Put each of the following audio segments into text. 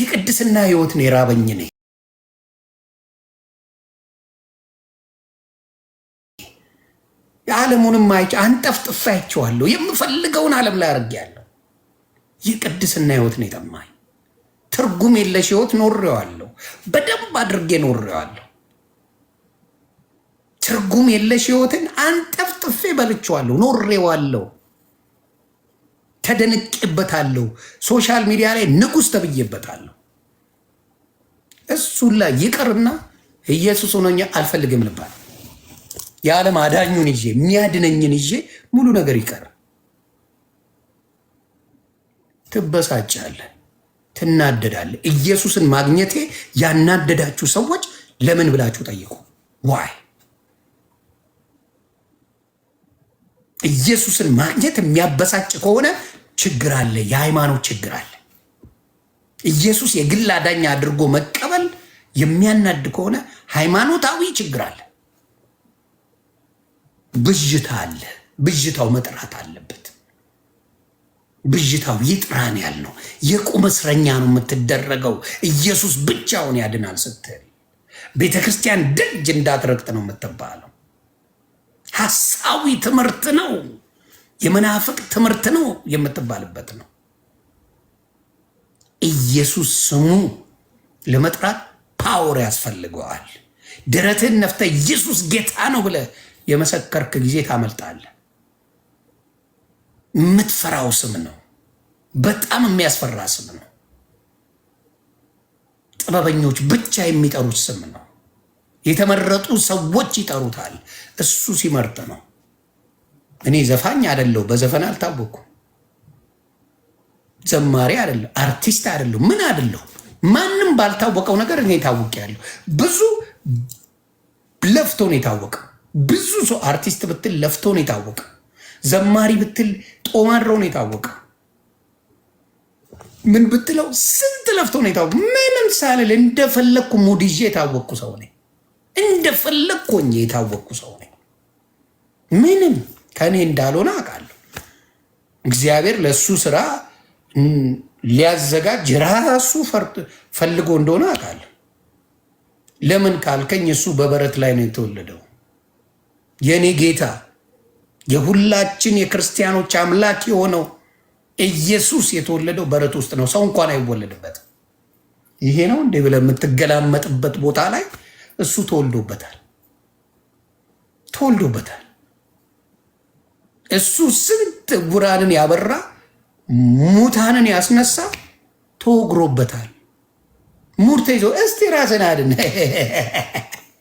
የቅድስና ህይወት ነው የራበኝ እኔ። የዓለሙንም አይቼ አንጠፍጥፌ አይቼዋለሁ። የምፈልገውን ዓለም ላይ አድርጌያለሁ። የቅድስና ህይወት ነው የጠማኝ። ትርጉም የለሽ ህይወት ኖሬዋለሁ። በደንብ አድርጌ ኖሬዋለሁ። ትርጉም የለሽ ህይወትን አንጠፍጥፌ በልቼዋለሁ፣ ኖሬዋለሁ። ተደንቄበታለሁ። ሶሻል ሚዲያ ላይ ንጉሥ ተብዬበታለሁ። እሱን ላይ ይቅርና ኢየሱስ ሆኖኛ አልፈልግም ልባል የዓለም አዳኙን ይዤ የሚያድነኝን ይዤ ሙሉ ነገር ይቀር። ትበሳጫለህ፣ ትናደዳለህ። ኢየሱስን ማግኘቴ ያናደዳችሁ ሰዎች ለምን ብላችሁ ጠይቁ። ዋይ ኢየሱስን ማግኘት የሚያበሳጭ ከሆነ ችግር አለ፣ የሃይማኖት ችግር አለ። ኢየሱስ የግል አዳኝ አድርጎ መቀበል የሚያናድ ከሆነ ሃይማኖታዊ ችግር አለ፣ ብዥታ አለ። ብዥታው መጥራት አለበት። ብዥታው ይጥራን ነው። የቁም እስረኛ ነው የምትደረገው። ኢየሱስ ብቻውን ያድናል ስትል ቤተ ክርስቲያን ደጅ እንዳትረግጥ ነው የምትባለው። ሀሳዊ ትምህርት ነው። የመናፍቅ ትምህርት ነው የምትባልበት ነው። ኢየሱስ ስሙ ለመጥራት ፓወር ያስፈልገዋል። ደረትህን ነፍተ ኢየሱስ ጌታ ነው ብለ የመሰከርክ ጊዜ ታመልጣለ። የምትፈራው ስም ነው። በጣም የሚያስፈራ ስም ነው። ጥበበኞች ብቻ የሚጠሩት ስም ነው። የተመረጡ ሰዎች ይጠሩታል። እሱ ሲመርጥ ነው። እኔ ዘፋኝ አደለው፣ በዘፈን አልታወቅኩ፣ ዘማሪ አደለው፣ አርቲስት አደለው፣ ምን አደለው። ማንም ባልታወቀው ነገር እኔ ታወቅ ያለሁ ብዙ ለፍቶ ነው የታወቀው። ብዙ ሰው አርቲስት ብትል ለፍቶ ነው የታወቀው። ዘማሪ ብትል ጦማረው ነው የታወቀው። ምን ብትለው ስንት ለፍቶ ነው የታወቀው። ምንም ሳልል እንደፈለግኩ ሙድ ይዤ የታወቅኩ ሰው ነኝ። እንደፈለግኩ ሆኜ የታወቅኩ ሰው ነኝ። ምንም ከእኔ እንዳልሆነ አውቃለሁ። እግዚአብሔር ለእሱ ስራ ሊያዘጋጅ ራሱ ፈልጎ እንደሆነ አውቃለሁ። ለምን ካልከኝ እሱ በበረት ላይ ነው የተወለደው። የእኔ ጌታ የሁላችን የክርስቲያኖች አምላክ የሆነው ኢየሱስ የተወለደው በረት ውስጥ ነው። ሰው እንኳን አይወለድበትም። ይሄ ነው እንዴ ብለህ የምትገላመጥበት ቦታ ላይ እሱ ተወልዶበታል ተወልዶበታል። እሱ ስንት ጉራንን ያበራ ሙታንን ያስነሳ ተወግሮበታል። ሙር ተይዞ እስቲ ራስን አድን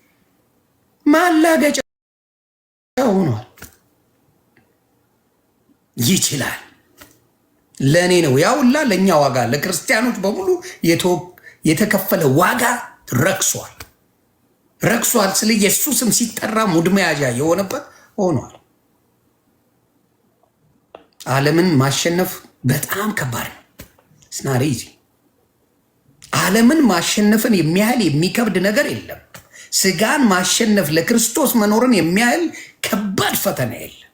ማላገጫ ሆኗል። ይችላል ለእኔ ነው ያውላ ለእኛ ዋጋ ለክርስቲያኖች በሙሉ የተከፈለ ዋጋ ረክሷል ረክሷል ስለ ኢየሱስም ሲጠራ ሙድመያዣ የሆነበት ሆኗል። ዓለምን ማሸነፍ በጣም ከባድ ነው። ስናሪ ዓለምን ማሸነፍን የሚያህል የሚከብድ ነገር የለም። ስጋን ማሸነፍ ለክርስቶስ መኖርን የሚያህል ከባድ ፈተና የለም።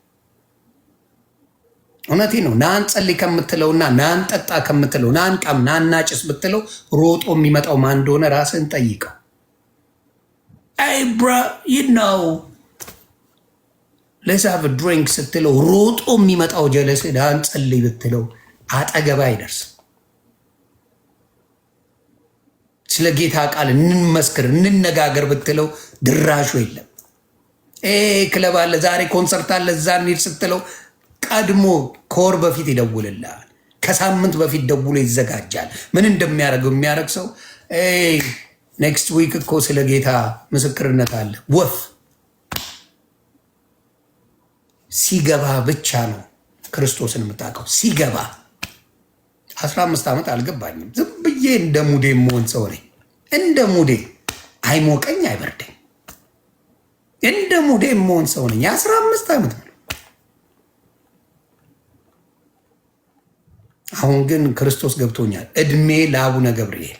እውነቴ ነው። ናን ጸልይ ከምትለውና ናን ጠጣ ከምትለው ናን ቃም ናን ናጭስ ብትለው ሮጦ የሚመጣው ማን እንደሆነ ራስን ጠይቀው። አይ ብራ ለሳቭ ድሪንክ ስትለው ሮጦ የሚመጣው ጀለስ ዳን ጸልይ ብትለው አጠገባ አይደርስም። ስለ ጌታ ቃል እንመስክር እንነጋገር ብትለው ድራሹ የለም። ክለብ አለ፣ ዛሬ ኮንሰርት አለ፣ እዛ እንሂድ ስትለው ቀድሞ ከወር በፊት ይደውልልሃል። ከሳምንት በፊት ደውሎ ይዘጋጃል። ምን እንደሚያደርገው የሚያደርግ ሰው ኔክስት ዊክ እኮ ስለ ጌታ ምስክርነት አለ ወፍ ሲገባ ብቻ ነው ክርስቶስን የምታውቀው። ሲገባ አስራ አምስት ዓመት አልገባኝም። ዝም ብዬ እንደ ሙዴ መሆን ሰው ነኝ። እንደ ሙዴ አይሞቀኝ አይበርደኝ፣ እንደ ሙዴ መሆን ሰው ነኝ። አስራ አምስት ዓመት ነው። አሁን ግን ክርስቶስ ገብቶኛል። እድሜ ለአቡነ ገብርኤል፣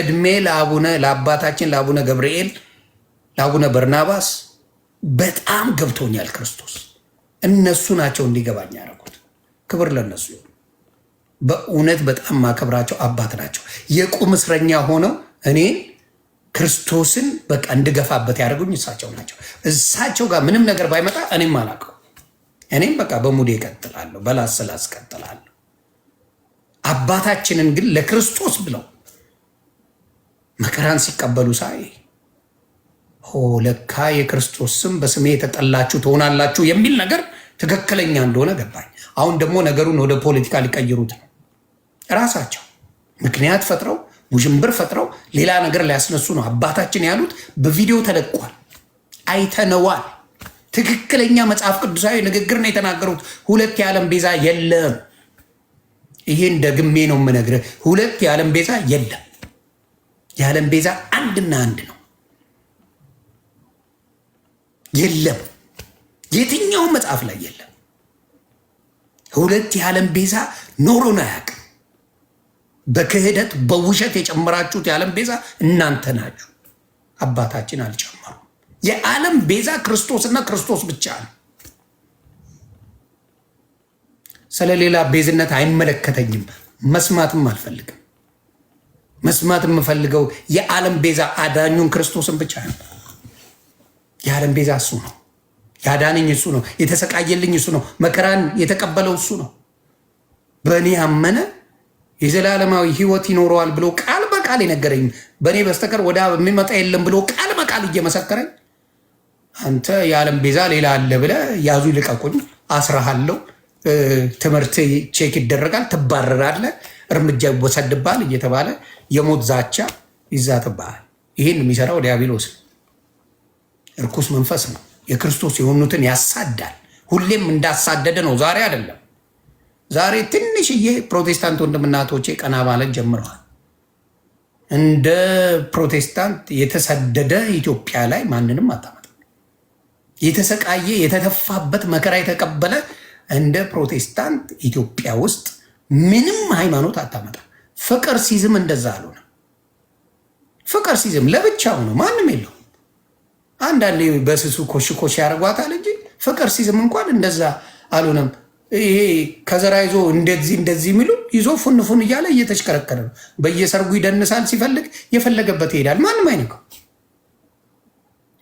እድሜ ለአቡነ ለአባታችን ለአቡነ ገብርኤል፣ ለአቡነ በርናባስ በጣም ገብቶኛል ክርስቶስ እነሱ ናቸው እንዲገባኝ ያደረጉት። ክብር ለነሱ ይሁን። በእውነት በጣም ማከብራቸው አባት ናቸው። የቁም እስረኛ ሆነው እኔን ክርስቶስን በቃ እንድገፋበት ያደርጉኝ እሳቸው ናቸው። እሳቸው ጋር ምንም ነገር ባይመጣ እኔም አላውቀው። እኔም በቃ በሙዴ እቀጥላለሁ፣ በላስላስ እቀጥላለሁ። አባታችንን ግን ለክርስቶስ ብለው መከራን ሲቀበሉ ሳይ ሆ ለካ የክርስቶስ ስም በስሜ የተጠላችሁ ትሆናላችሁ የሚል ነገር ትክክለኛ እንደሆነ ገባኝ። አሁን ደግሞ ነገሩን ወደ ፖለቲካ ሊቀይሩት ነው። እራሳቸው ምክንያት ፈጥረው ውዥንብር ፈጥረው ሌላ ነገር ሊያስነሱ ነው አባታችን ያሉት። በቪዲዮ ተለቋል፣ አይተነዋል። ትክክለኛ መጽሐፍ ቅዱሳዊ ንግግር ነው የተናገሩት። ሁለት የዓለም ቤዛ የለም። ይሄን ደግሜ ነው የምነግርህ። ሁለት የዓለም ቤዛ የለም። የዓለም ቤዛ አንድና አንድ ነው። የለም የትኛውም መጽሐፍ ላይ የለም። ሁለት የዓለም ቤዛ ኖሮን አያውቅም። በክህደት በውሸት የጨመራችሁት የዓለም ቤዛ እናንተ ናችሁ። አባታችን አልጨመሩም። የዓለም ቤዛ ክርስቶስና ክርስቶስ ብቻ ነው። ስለ ሌላ ቤዝነት አይመለከተኝም። መስማትም አልፈልግም። መስማት የምፈልገው የዓለም ቤዛ አዳኙን ክርስቶስን ብቻ ነው። የዓለም ቤዛ እሱ ነው። ያዳነኝ እሱ ነው። የተሰቃየልኝ እሱ ነው። መከራን የተቀበለው እሱ ነው። በእኔ አመነ የዘላለማዊ ሕይወት ይኖረዋል ብሎ ቃል በቃል የነገረኝ በእኔ በስተቀር ወደ አብ የሚመጣ የለም ብሎ ቃል በቃል እየመሰከረኝ አንተ የዓለም ቤዛ ሌላ አለ ብለ ያዙ ይልቀቁኝ፣ አስረሃለሁ፣ ትምህርት ቼክ ይደረጋል፣ ትባረራለ፣ እርምጃ ይወሰድባል እየተባለ የሞት ዛቻ ይዛትባል። ይህን የሚሰራው ዲያብሎስ እርኩስ መንፈስ ነው። የክርስቶስ የሆኑትን ያሳዳል። ሁሌም እንዳሳደደ ነው። ዛሬ አይደለም። ዛሬ ትንሽዬ ፕሮቴስታንት ወንድምናቶቼ ቀና ማለት ጀምረዋል። እንደ ፕሮቴስታንት የተሰደደ ኢትዮጵያ ላይ ማንንም አታመጣም። የተሰቃየ የተተፋበት መከራ የተቀበለ እንደ ፕሮቴስታንት ኢትዮጵያ ውስጥ ምንም ሃይማኖት አታመጣም። ፍቅር ሲዝም እንደዛ አልሆነ። ፍቅር ሲዝም ለብቻው ነው፣ ማንም የለው አንዳንዴ በስሱ ኮሽኮሽ ያደርጓታል እንጂ ፍቅር ሲዝም እንኳን እንደዛ አልሆነም። ይሄ ከዘራ ይዞ እንደዚህ እንደዚህ የሚሉ ይዞ ፉን ፉን እያለ እየተሽከረከረ ነው። በየሰርጉ ይደንሳል፣ ሲፈልግ የፈለገበት ይሄዳል። ማንም አይነካው።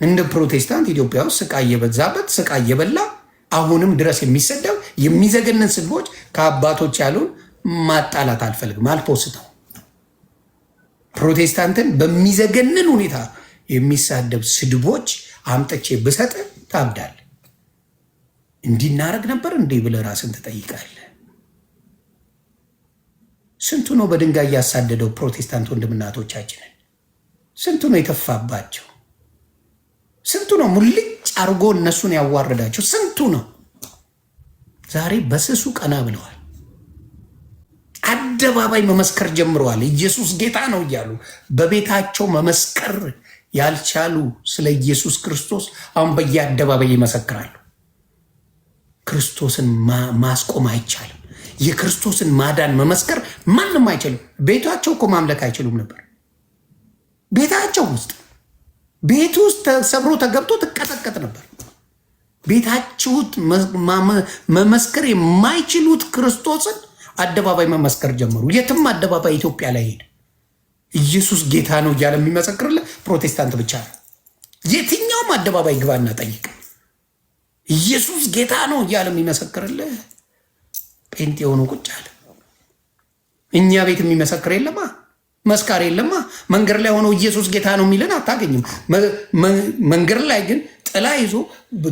እንደ ፕሮቴስታንት ኢትዮጵያ ውስጥ ስቃይ እየበዛበት ስቃይ የበላ አሁንም ድረስ የሚሰደብ የሚዘገንን ስድቦች ከአባቶች ያሉን ማጣላት አልፈልግም፣ አልፖስተው ፕሮቴስታንትን በሚዘገንን ሁኔታ የሚሳደብ ስድቦች አምጥቼ ብሰጥ ታብዳል። እንዲናረግ ነበር እንዲህ ብለ ራስን ትጠይቃለ። ስንቱ ነው በድንጋይ ያሳደደው ፕሮቴስታንት ወንድምናቶቻችንን? ስንቱ ነው የተፋባቸው? ስንቱ ነው ሙልጭ አርጎ እነሱን ያዋረዳቸው? ስንቱ ነው ዛሬ በስሱ ቀና ብለዋል። አደባባይ መመስከር ጀምረዋል። ኢየሱስ ጌታ ነው እያሉ በቤታቸው መመስከር ያልቻሉ ስለ ኢየሱስ ክርስቶስ አሁን በየአደባባይ ይመሰክራሉ። ክርስቶስን ማስቆም አይቻልም። የክርስቶስን ማዳን መመስከር ማንም አይችልም። ቤታቸው እኮ ማምለክ አይችሉም ነበር። ቤታቸው ውስጥ ቤት ውስጥ ተሰብሮ ተገብቶ ትቀጠቀጥ ነበር። ቤታችሁት መመስከር የማይችሉት ክርስቶስን አደባባይ መመስከር ጀመሩ። የትም አደባባይ ኢትዮጵያ ላይ ሄድ ኢየሱስ ጌታ ነው እያለ የሚመሰክርልን ፕሮቴስታንት ብቻ ነው። የትኛውም አደባባይ ግባና ጠይቅ። ኢየሱስ ጌታ ነው እያለ የሚመሰክርልህ ጴንጤ የሆኑ ቁጭ አለ። እኛ ቤት የሚመሰክር የለማ፣ መስካር የለማ። መንገድ ላይ ሆነው ኢየሱስ ጌታ ነው የሚለን አታገኝም። መንገድ ላይ ግን ጥላ ይዞ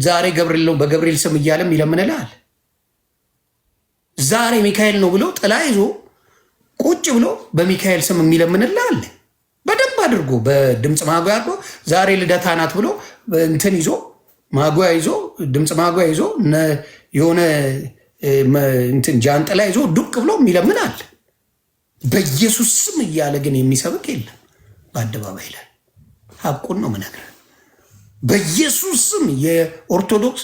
ዛሬ ገብርኤል ነው በገብርኤል ስም እያለ ይለምንልሃል። ዛሬ ሚካኤል ነው ብሎ ጥላ ይዞ ቁጭ ብሎ በሚካኤል ስም የሚለምንልህ አለ። አድርጎ በድምፅ ማጉያ አድርጎ ዛሬ ልደታ ናት ብሎ እንትን ይዞ ማጉያ ይዞ ድምፅ ማጉያ ይዞ የሆነ እንትን ጃንጥላ ይዞ ዱቅ ብሎ የሚለምን አለ። በኢየሱስ ስም እያለ ግን የሚሰብክ የለም። በአደባባይ ላይ ሀቁን ነው ምነግር። በኢየሱስ ስም የኦርቶዶክስ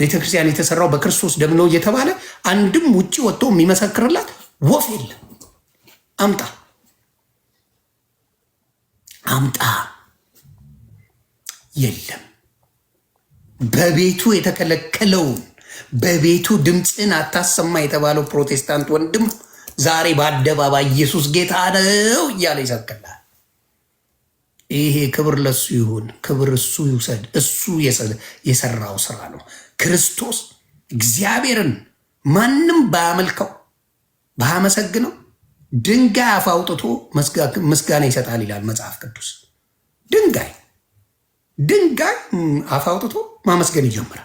ቤተክርስቲያን የተሰራው በክርስቶስ ደም ነው እየተባለ አንድም ውጭ ወጥቶ የሚመሰክርላት ወፍ የለም። አምጣ አምጣ የለም። በቤቱ የተከለከለውን በቤቱ ድምፅን አታሰማ የተባለው ፕሮቴስታንት ወንድም ዛሬ በአደባባይ ኢየሱስ ጌታ ነው እያለ ይሰብክላል። ይሄ ክብር ለሱ ይሁን፣ ክብር እሱ ይውሰድ። እሱ የሰራው ስራ ነው። ክርስቶስ እግዚአብሔርን ማንም ባያመልከው ባያመሰግነው ድንጋይ አፍ አውጥቶ ምስጋና ይሰጣል ይላል መጽሐፍ ቅዱስ። ድንጋይ ድንጋይ አፍ አውጥቶ ማመስገን ይጀምራል።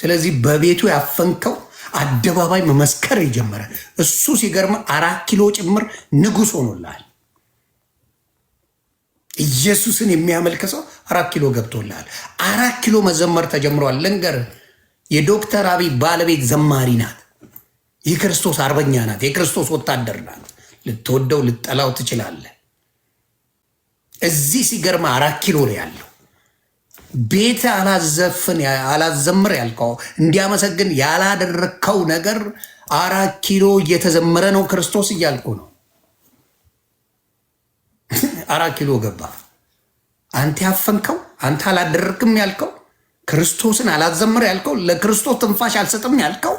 ስለዚህ በቤቱ ያፈንከው አደባባይ መመስከር ይጀመረ። እሱ ሲገርም አራት ኪሎ ጭምር ንጉሥ ሆኖልሃል። ኢየሱስን የሚያመልክ ሰው አራት ኪሎ ገብቶልሃል። አራት ኪሎ መዘመር ተጀምሯል። ልንገር፣ የዶክተር አብይ ባለቤት ዘማሪ ናት። የክርስቶስ አርበኛ ናት፣ የክርስቶስ ወታደር ናት። ልትወደው ልጠላው ትችላለህ። እዚህ ሲገርማ አራት ኪሎ ነው ያለው ቤተ አላዘፍን አላዘምር ያልከው እንዲያመሰግን ያላደረከው ነገር አራት ኪሎ እየተዘመረ ነው ክርስቶስ እያልኩ ነው። አራት ኪሎ ገባ። አንተ ያፈንከው አንተ አላደረግም ያልከው ክርስቶስን አላዘምር ያልከው ለክርስቶስ ትንፋሽ አልሰጥም ያልከው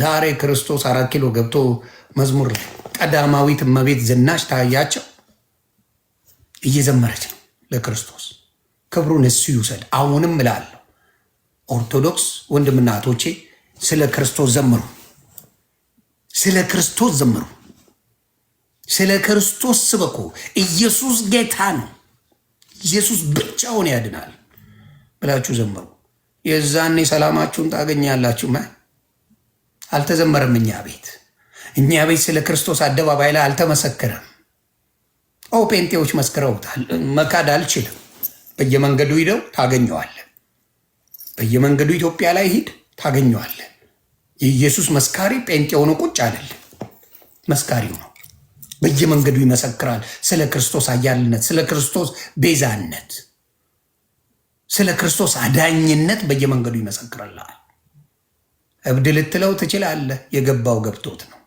ዛሬ ክርስቶስ አራት ኪሎ ገብቶ መዝሙር ላይ ቀዳማዊት እመቤት ዝናሽ ታያቸው እየዘመረች ነው ለክርስቶስ። ክብሩን እሱ ይውሰድ። አሁንም እላለሁ ኦርቶዶክስ ወንድምና እህቶቼ ስለ ክርስቶስ ዘምሩ፣ ስለ ክርስቶስ ዘምሩ፣ ስለ ክርስቶስ ስበኩ። ኢየሱስ ጌታ ነው፣ ኢየሱስ ብቻውን ያድናል ብላችሁ ዘምሩ። የዛኔ ሰላማችሁን ታገኛላችሁ። አልተዘመረም። እኛ ቤት እኛ ቤት ስለ ክርስቶስ አደባባይ ላይ አልተመሰከረም። ኦ ጴንጤዎች መስክረውታል። መካድ አልችልም። በየመንገዱ ሂደው ታገኘዋለ። በየመንገዱ ኢትዮጵያ ላይ ሂድ ታገኘዋለ። የኢየሱስ መስካሪ ጴንጤ ሆኖ ቁጭ አይደለም። መስካሪው ነው። በየመንገዱ ይመሰክራል ስለ ክርስቶስ አያልነት፣ ስለ ክርስቶስ ቤዛነት፣ ስለ ክርስቶስ አዳኝነት በየመንገዱ ይመሰክራል። እብድ ልትለው ትችላለህ። የገባው ገብቶት ነው።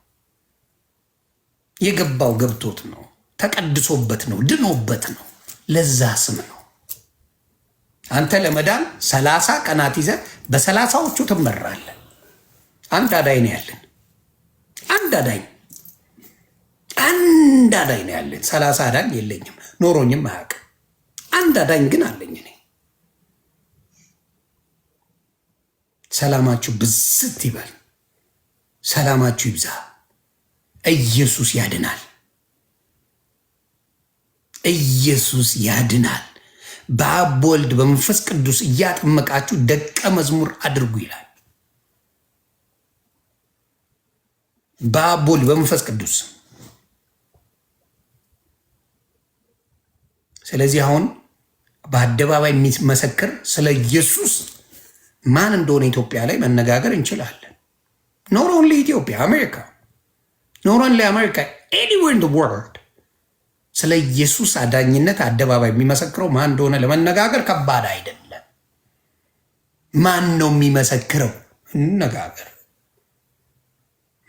የገባው ገብቶት ነው። ተቀድሶበት ነው። ድኖበት ነው። ለዛ ስም ነው። አንተ ለመዳን ሰላሳ ቀናት ይዘህ በሰላሳዎቹ ትመራለህ። አንድ አዳኝ ነው ያለን። አንድ አዳኝ አንድ አዳኝ ነው ያለን። ሰላሳ አዳኝ የለኝም፣ ኖሮኝም አያውቅም። አንድ አዳኝ ግን አለኝ እኔ ሰላማችሁ ብዝት ይበል። ሰላማችሁ ይብዛ። ኢየሱስ ያድናል። ኢየሱስ ያድናል። በአብ በመንፈስ ቅዱስ እያጠመቃችሁ ደቀ መዝሙር አድርጉ ይላል። በአብ በመንፈስ ቅዱስ። ስለዚህ አሁን በአደባባይ የሚመሰክር ስለ ኢየሱስ ማን እንደሆነ ኢትዮጵያ ላይ መነጋገር እንችላለን። ኖት ኦንሊ ኢትዮጵያ አሜሪካ፣ ኖት ኦንሊ አሜሪካ ኤኒዌር ኢን ዘ ወርልድ ስለ ኢየሱስ አዳኝነት አደባባይ የሚመሰክረው ማን እንደሆነ ለመነጋገር ከባድ አይደለም። ማን ነው የሚመሰክረው? እንነጋገር።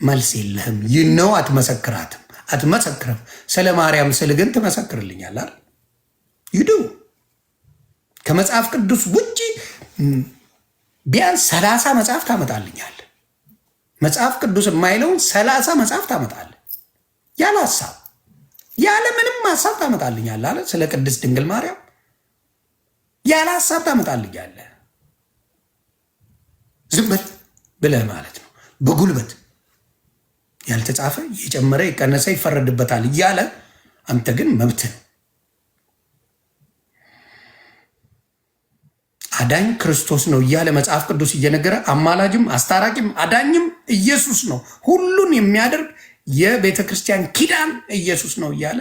መልስ የለህም። ይህ ነው አትመሰክራትም፣ አትመሰክርም። ስለ ማርያም ስል ግን ትመሰክርልኛል አይደል? ከመጽሐፍ ቅዱስ ውጭ ቢያንስ ሰላሳ መጽሐፍ ታመጣልኛል። መጽሐፍ ቅዱስ የማይለውን ሰላሳ መጽሐፍ ታመጣል። ያለ ሀሳብ ያለ ምንም ሀሳብ ታመጣልኛል አለ። ስለ ቅድስት ድንግል ማርያም ያለ ሀሳብ ታመጣልኛለ። ዝም ብለህ ማለት ነው። በጉልበት ያልተጻፈ እየጨመረ የቀነሰ ይፈረድበታል እያለ አንተ ግን መብት ነው አዳኝ ክርስቶስ ነው እያለ መጽሐፍ ቅዱስ እየነገረ አማላጅም አስታራቂም አዳኝም ኢየሱስ ነው፣ ሁሉን የሚያደርግ የቤተ ክርስቲያን ኪዳን ኢየሱስ ነው እያለ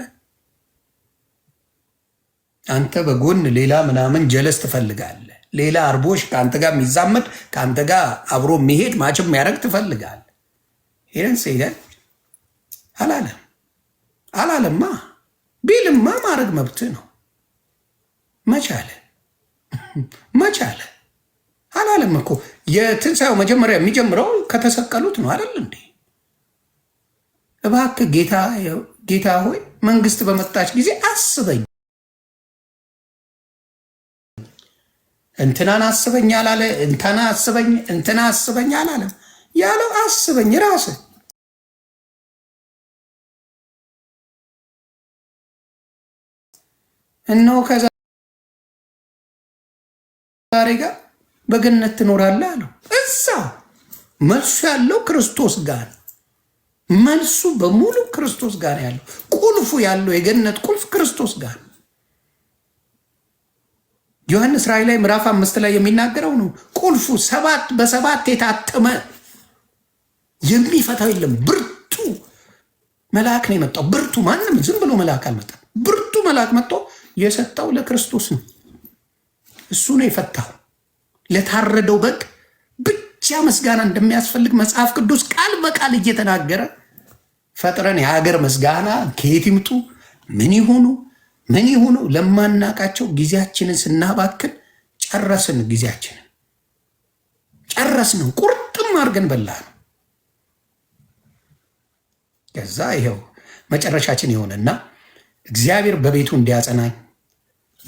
አንተ በጎን ሌላ ምናምን ጀለስ ትፈልጋለህ። ሌላ አርቦሽ ከአንተ ጋር የሚዛመድ ከአንተ ጋር አብሮ የሚሄድ ማችም የሚያደርግ ትፈልጋለህ። ሄደን ሴደን አላለም አላለማ ቢልማ ማድረግ መብትህ ነው መቻለን አለ አላለም እኮ የትንሣኤው መጀመሪያ የሚጀምረው ከተሰቀሉት ነው አይደል እንዴ? እባክህ ጌታ ሆይ መንግስት በመጣች ጊዜ አስበኝ። እንትናን አስበኝ አላለ። እንትና አስበኝ እንትና አስበኝ አላለም። ያለው አስበኝ ራስ እነሆ ከዛ ዛሬ ጋር በገነት ትኖራለህ አለው። እዛ መልሱ ያለው ክርስቶስ ጋር መልሱ በሙሉ ክርስቶስ ጋር ያለው ቁልፉ ያለው የገነት ቁልፍ ክርስቶስ ጋር ዮሐንስ ራእይ ላይ ምዕራፍ አምስት ላይ የሚናገረው ነው። ቁልፉ ሰባት በሰባት የታተመ የሚፈታው የለም። ብርቱ መልአክ ነው የመጣው። ብርቱ ማንም ዝም ብሎ መልአክ አልመጣም። ብርቱ መልአክ መጥቶ የሰጠው ለክርስቶስ ነው። እሱ ነው የፈታው። ለታረደው በግ ብቻ ምስጋና እንደሚያስፈልግ መጽሐፍ ቅዱስ ቃል በቃል እየተናገረ ፈጥረን የሀገር ምስጋና ከየት ይምጡ? ምን ይሁኑ? ምን ይሁኑ? ለማናቃቸው ጊዜያችንን ስናባክን ጨረስን። ጊዜያችንን ጨረስነው። ቁርጥም አድርገን በላ ነው። ከዛ ይኸው መጨረሻችን የሆነና እግዚአብሔር በቤቱ እንዲያጸናኝ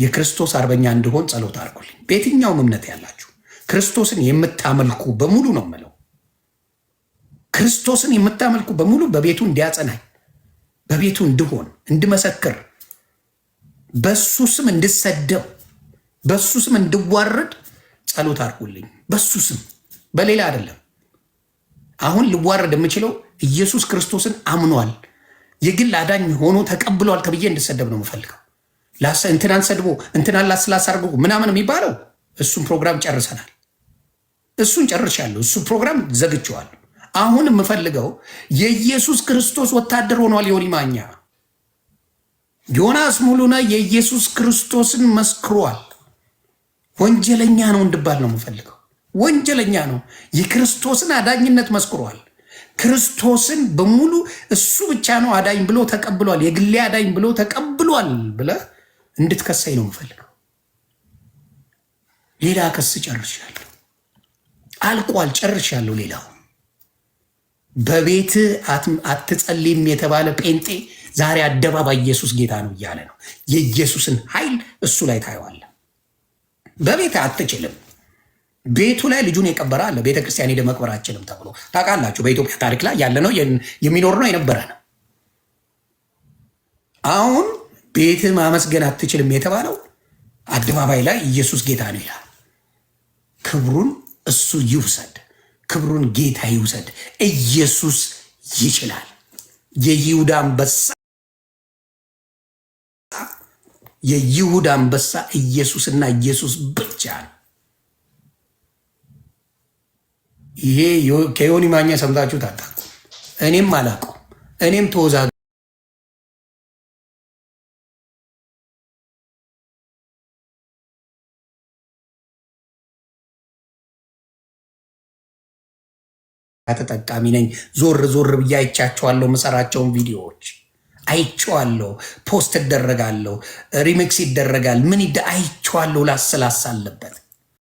የክርስቶስ አርበኛ እንድሆን ጸሎት አድርጉልኝ። በየትኛውም እምነት ያላችሁ ክርስቶስን የምታመልኩ በሙሉ ነው የምለው፣ ክርስቶስን የምታመልኩ በሙሉ በቤቱ እንዲያጸናኝ፣ በቤቱ እንድሆን፣ እንድመሰክር፣ በሱ ስም እንድሰደብ፣ በሱ ስም እንድዋረድ ጸሎት አድርጉልኝ። በሱ ስም በሌላ አይደለም። አሁን ልዋረድ የምችለው ኢየሱስ ክርስቶስን አምኗል፣ የግል አዳኝ ሆኖ ተቀብሏል ተብዬ እንድሰደብ ነው የምፈልገው። እንትናን ሰድቦ እንትናን ላስላስ አድርጎ ምናምን የሚባለው እሱን ፕሮግራም ጨርሰናል። እሱን ጨርሻለሁ። እሱ ፕሮግራም ዘግቸዋል። አሁን የምፈልገው የኢየሱስ ክርስቶስ ወታደር ሆኗል ዮኒ ማኛ። ዮናስ ሙሉነ የኢየሱስ ክርስቶስን መስክሯል። ወንጀለኛ ነው እንድባል ነው የምፈልገው። ወንጀለኛ ነው። የክርስቶስን አዳኝነት መስክሯል። ክርስቶስን በሙሉ እሱ ብቻ ነው አዳኝ ብሎ ተቀብሏል። የግሌ አዳኝ ብሎ ተቀብሏል ብለህ እንድትከሳኝ ነው የምፈልገው። ሌላ ከስ ጨርሻለሁ፣ አልቋል፣ ጨርሻለሁ። ሌላው በቤት አትጸልይም የተባለ ጴንጤ ዛሬ አደባባይ ኢየሱስ ጌታ ነው እያለ ነው። የኢየሱስን ኃይል እሱ ላይ ታየዋለ። በቤት አትችልም። ቤቱ ላይ ልጁን የቀበረ አለ። ቤተ ክርስቲያን ሄደ መቅበር አችልም ተብሎ ታውቃላችሁ። በኢትዮጵያ ታሪክ ላይ ያለ ነው፣ የሚኖር ነው፣ የነበረ ነው። አሁን ቤትን ማመስገን አትችልም የተባለው አደባባይ ላይ ኢየሱስ ጌታ ነው ይላል። ክብሩን እሱ ይውሰድ፣ ክብሩን ጌታ ይውሰድ። ኢየሱስ ይችላል። የይሁዳ አንበሳ የይሁዳ አንበሳ ኢየሱስና ኢየሱስ ብቻ ነው። ይሄ ከዮኒ ማኛ ሰምታችሁ ታጣቁ እኔም አላቁ እኔም ተወዛ ተጠቃሚ ነኝ። ዞር ዞር ብዬ አይቻቸዋለሁ። የምሰራቸውን ቪዲዮዎች አይቸዋለሁ። ፖስት እደረጋለሁ፣ ሪሚክስ ይደረጋል። ምን አይቸዋለሁ። ላስላሳ አለበት